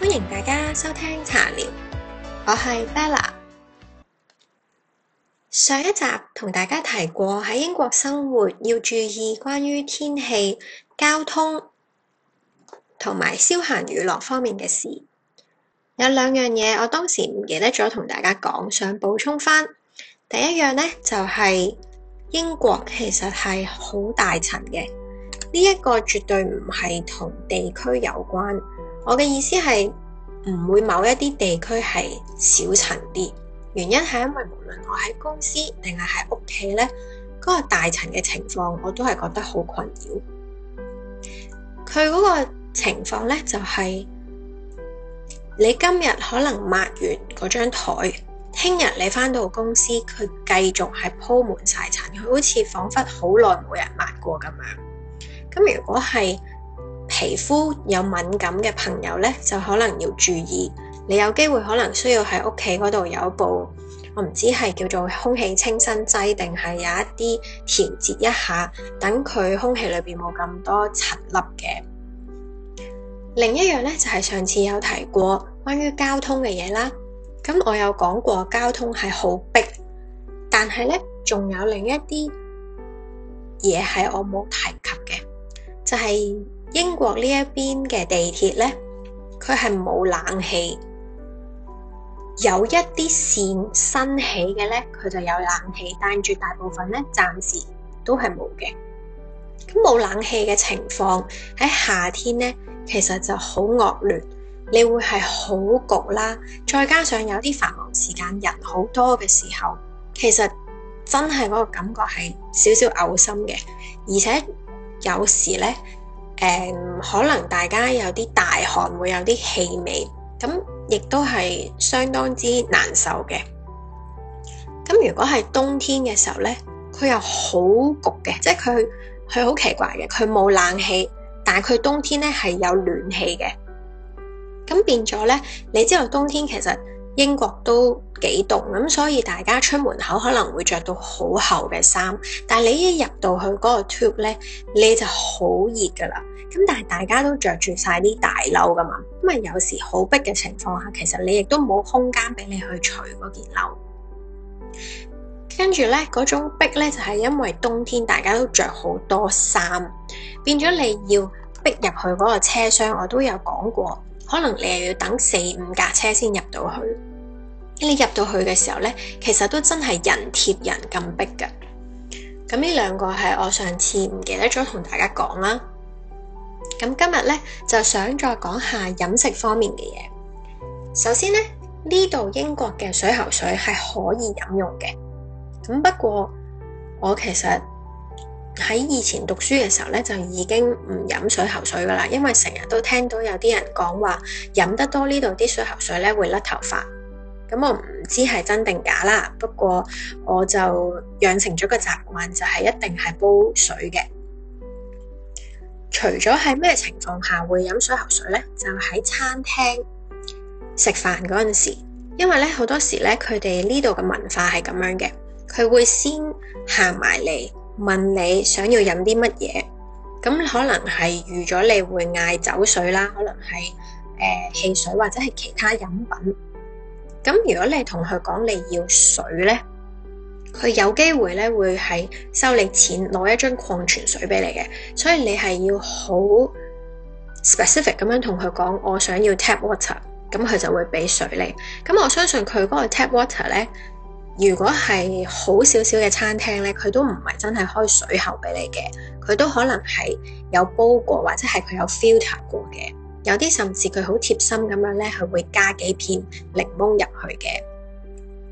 歡迎大家收聽茶聊，我係 Bella。上一集同大家提過喺英國生活要注意關於天氣、交通同埋消閒娛樂方面嘅事。有兩樣嘢我當時唔記得咗同大家講，想補充翻。第一樣呢，就係英國其實係好大塵嘅，呢一個絕對唔係同地區有關。我嘅意思係唔會某一啲地區係少塵啲，原因係因為無論我喺公司定係喺屋企咧，嗰個大塵嘅情況我都係覺得好困擾。佢嗰個情況咧就係、是，你今日可能抹完嗰張台，聽日你返到公司佢繼續係鋪滿晒塵，佢好似仿佛好耐冇人抹過咁樣。咁如果係。皮膚有敏感嘅朋友呢，就可能要注意。你有機會可能需要喺屋企嗰度有一部，我唔知係叫做空氣清新劑定係有一啲調節一下，等佢空氣裏邊冇咁多塵粒嘅。另一樣呢，就係上次有提過關於交通嘅嘢啦。咁我有講過交通係好逼，但係呢，仲有另一啲嘢係我冇提及嘅，就係。英國呢一邊嘅地鐵呢，佢係冇冷氣，有一啲線新起嘅呢，佢就有冷氣，但絕大部分呢，暫時都係冇嘅。冇冷氣嘅情況喺夏天呢，其實就好惡劣，你會係好焗啦，再加上有啲繁忙時間人好多嘅時候，其實真係嗰個感覺係少少嘔心嘅，而且有時呢。誒，um, 可能大家有啲大汗，會有啲氣味，咁亦都係相當之難受嘅。咁如果係冬天嘅時候咧，佢又好焗嘅，即係佢佢好奇怪嘅，佢冇冷氣，但係佢冬天咧係有暖氣嘅。咁變咗咧，你知道冬天其實。英國都幾凍，咁所以大家出門口可能會着到好厚嘅衫，但係你一入到去嗰個 tube 咧，你就好熱噶啦。咁但係大家都着住晒啲大褸噶嘛，咁啊有時好逼嘅情況下，其實你亦都冇空間俾你去除嗰件褸。跟住咧，嗰種逼咧就係因為冬天大家都着好多衫，變咗你要逼入去嗰個車廂，我都有講過。可能你又要等四五架車先入到去，你入到去嘅時候呢，其實都真係人貼人咁逼噶。咁呢兩個係我上次唔記得咗同大家講啦。咁今日呢，就想再講下飲食方面嘅嘢。首先呢，呢度英國嘅水喉水係可以飲用嘅，咁不過我其實喺以前讀書嘅時候咧，就已經唔飲水喉水㗎喇，因為成日都聽到有啲人講話飲得多呢度啲水喉水咧會甩頭髮。咁我唔知係真定假啦，不過我就養成咗個習慣，就係一定係煲水嘅。除咗喺咩情況下會飲水喉水咧，就喺餐廳食飯嗰陣時，因為咧好多時咧佢哋呢度嘅文化係咁樣嘅，佢會先行埋嚟。問你想要飲啲乜嘢？咁可能係預咗你會嗌酒水啦，可能係誒、呃、汽水或者係其他飲品。咁如果你同佢講你要水呢，佢有機會呢會係收你錢，攞一張礦泉水俾你嘅。所以你係要好 specific 咁樣同佢講我想要 tap water，咁佢就會俾水你。咁我相信佢嗰個 tap water 呢。如果係好少少嘅餐廳咧，佢都唔係真係開水喉俾你嘅，佢都可能係有煲過或者係佢有 filter 過嘅。有啲甚至佢好貼心咁樣咧，佢會加幾片檸檬入去嘅。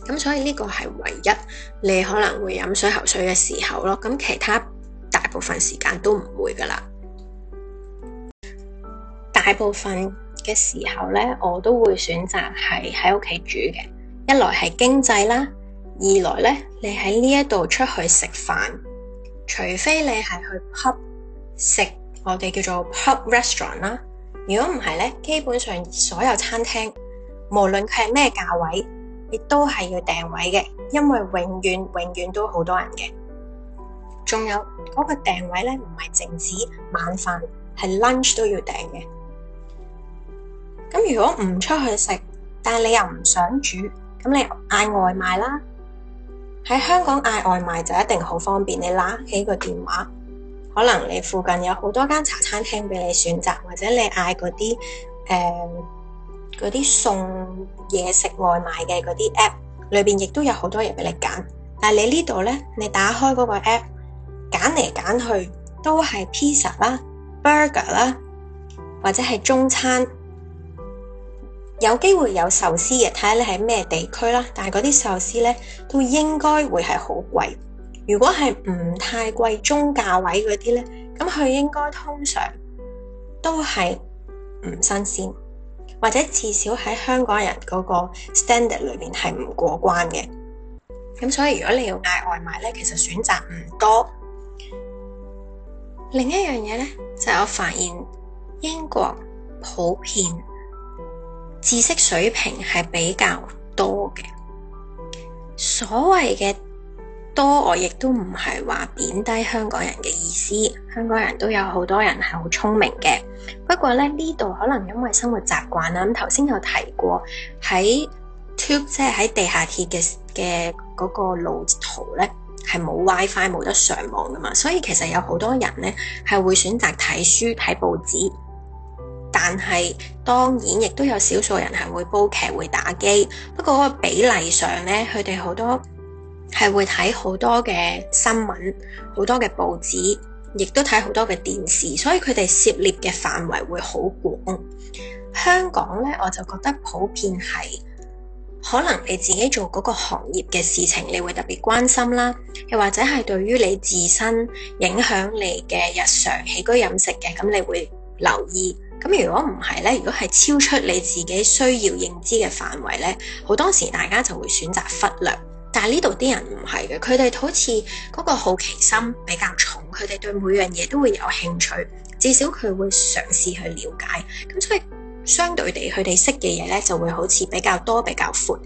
咁所以呢個係唯一你可能會飲水喉水嘅時候咯。咁其他大部分時間都唔會噶啦。大部分嘅時候咧，我都會選擇係喺屋企煮嘅，一來係經濟啦。二來呢，你喺呢一度出去食飯，除非你係去 pub 食，我哋叫做 pub restaurant 啦。如果唔係呢，基本上所有餐廳無論佢係咩價位，亦都係要訂位嘅，因為永遠永遠都好多人嘅。仲有嗰個訂位呢，唔係淨止晚飯，係 lunch 都要訂嘅。咁如果唔出去食，但係你又唔想煮，咁你嗌外賣啦。喺香港嗌外賣就一定好方便，你拿起個電話，可能你附近有好多間茶餐廳俾你選擇，或者你嗌嗰啲誒、嗰啲送嘢食外賣嘅嗰啲 app 裏邊亦都有好多嘢俾你揀。但你呢度呢，你打開嗰個 app 揀嚟揀去都係 pizza 啦、burger 啦，或者係中餐。有機會有壽司嘅，睇下你喺咩地區啦。但係嗰啲壽司咧，都應該會係好貴。如果係唔太貴中價位嗰啲咧，咁佢應該通常都係唔新鮮，或者至少喺香港人嗰個 standard 裏面係唔過關嘅。咁所以如果你要嗌外賣咧，其實選擇唔多。另一樣嘢咧，就係我發現英國普遍，知識水平係比較多嘅，所謂嘅多，我亦都唔係話貶低香港人嘅意思。香港人都有好多人係好聰明嘅，不過咧呢度可能因為生活習慣啦。咁頭先有提過喺 Tube，即係喺地下鐵嘅嘅嗰個路途咧係冇 WiFi、冇得上網㗎嘛，所以其實有好多人咧係會選擇睇書、睇報紙。但係當然亦都有少數人係會煲劇、會打機。不過個比例上咧，佢哋好多係會睇好多嘅新聞、好多嘅報紙，亦都睇好多嘅電視，所以佢哋涉獵嘅範圍會好廣。香港咧，我就覺得普遍係可能你自己做嗰個行業嘅事情，你會特別關心啦；又或者係對於你自身影響你嘅日常起居飲食嘅，咁你會留意。咁如果唔係咧，如果係超出你自己需要認知嘅範圍咧，好多時大家就會選擇忽略。但係呢度啲人唔係嘅，佢哋好似嗰個好奇心比較重，佢哋對每樣嘢都會有興趣，至少佢會嘗試去了解。咁所以相對地，佢哋識嘅嘢咧就會好似比較多、比較闊。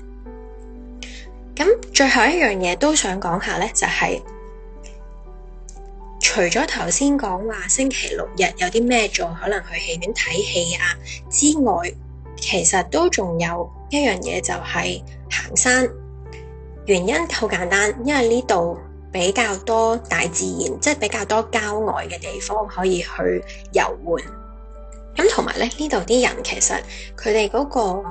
咁最後一樣嘢都想講下咧，就是，就係。除咗頭先講話，星期六日有啲咩做，可能去戲院睇戲啊之外，其實都仲有一樣嘢就係行山。原因好簡單，因為呢度比較多大自然，即係比較多郊外嘅地方可以去遊玩。咁同埋咧，呢度啲人其實佢哋嗰個。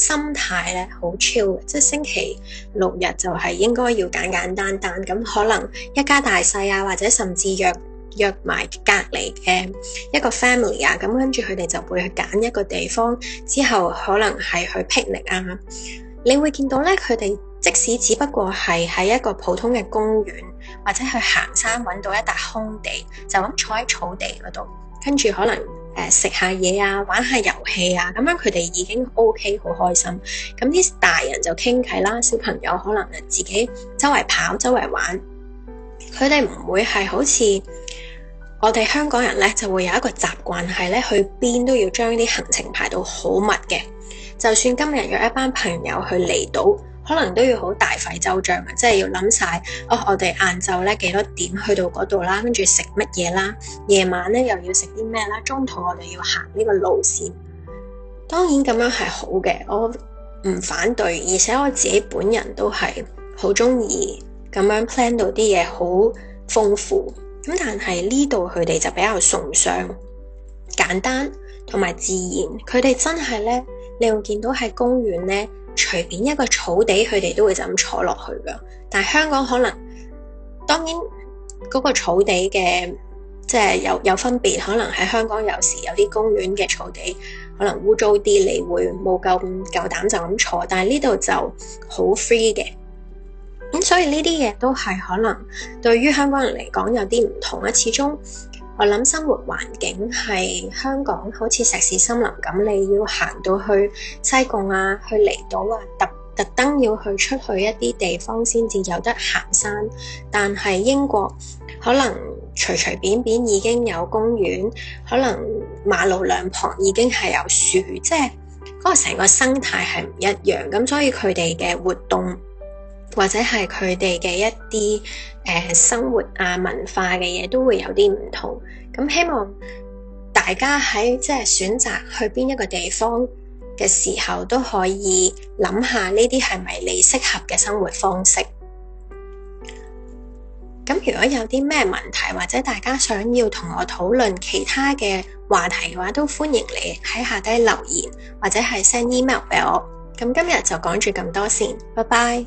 心態咧好 chill，即係星期六日就係應該要簡簡單單咁，可能一家大細啊，或者甚至約約埋隔離嘅一個 family 啊，咁跟住佢哋就會去揀一個地方，之後可能係去 picnic 啊，你會見到咧，佢哋即使只不過係喺一個普通嘅公園，或者去行山揾到一笪空地，就咁坐喺草地嗰度，跟住可能。誒，食、呃、下嘢啊，玩下遊戲啊，咁樣佢哋已經 OK，好開心。咁啲大人就傾偈啦，小朋友可能誒自己周圍跑，周圍玩。佢哋唔會係好似我哋香港人呢，就會有一個習慣係呢：去邊都要將啲行程排到好密嘅。就算今日約一班朋友去離島。可能都要好大費周章嘅，即係要諗晒哦，我哋晏晝咧幾多點去到嗰度啦，跟住食乜嘢啦？夜晚咧又要食啲咩啦？中途我哋要行呢個路線。當然咁樣係好嘅，我唔反對。而且我自己本人都係好中意咁樣 plan 到啲嘢好豐富。咁但係呢度佢哋就比較崇尚簡單同埋自然。佢哋真係咧，你會見到喺公園咧，隨便一個草地，佢哋都會就咁坐落去㗎。但係香港可能，當然嗰個草地嘅，即係有有分別，可能喺香港有時有啲公園嘅草地可能污糟啲，你會冇夠夠膽就咁坐。但係呢度就好 free 嘅，咁、嗯、所以呢啲嘢都係可能對於香港人嚟講有啲唔同啊，始終。我諗生活環境係香港好似石屎森林咁，你要行到去西貢啊、去離島啊，特特登要去出去一啲地方先至有得行山。但係英國可能隨隨便便已經有公園，可能馬路兩旁已經係有樹，即係嗰個成個生態係唔一樣。咁所以佢哋嘅活動。或者係佢哋嘅一啲誒、呃、生活啊文化嘅嘢，都會有啲唔同。咁希望大家喺即係選擇去邊一個地方嘅時候，都可以諗下呢啲係咪你適合嘅生活方式。咁如果有啲咩問題，或者大家想要同我討論其他嘅話題嘅話，都歡迎你喺下低留言，或者係 send email 俾我。咁今日就講住咁多先，拜拜。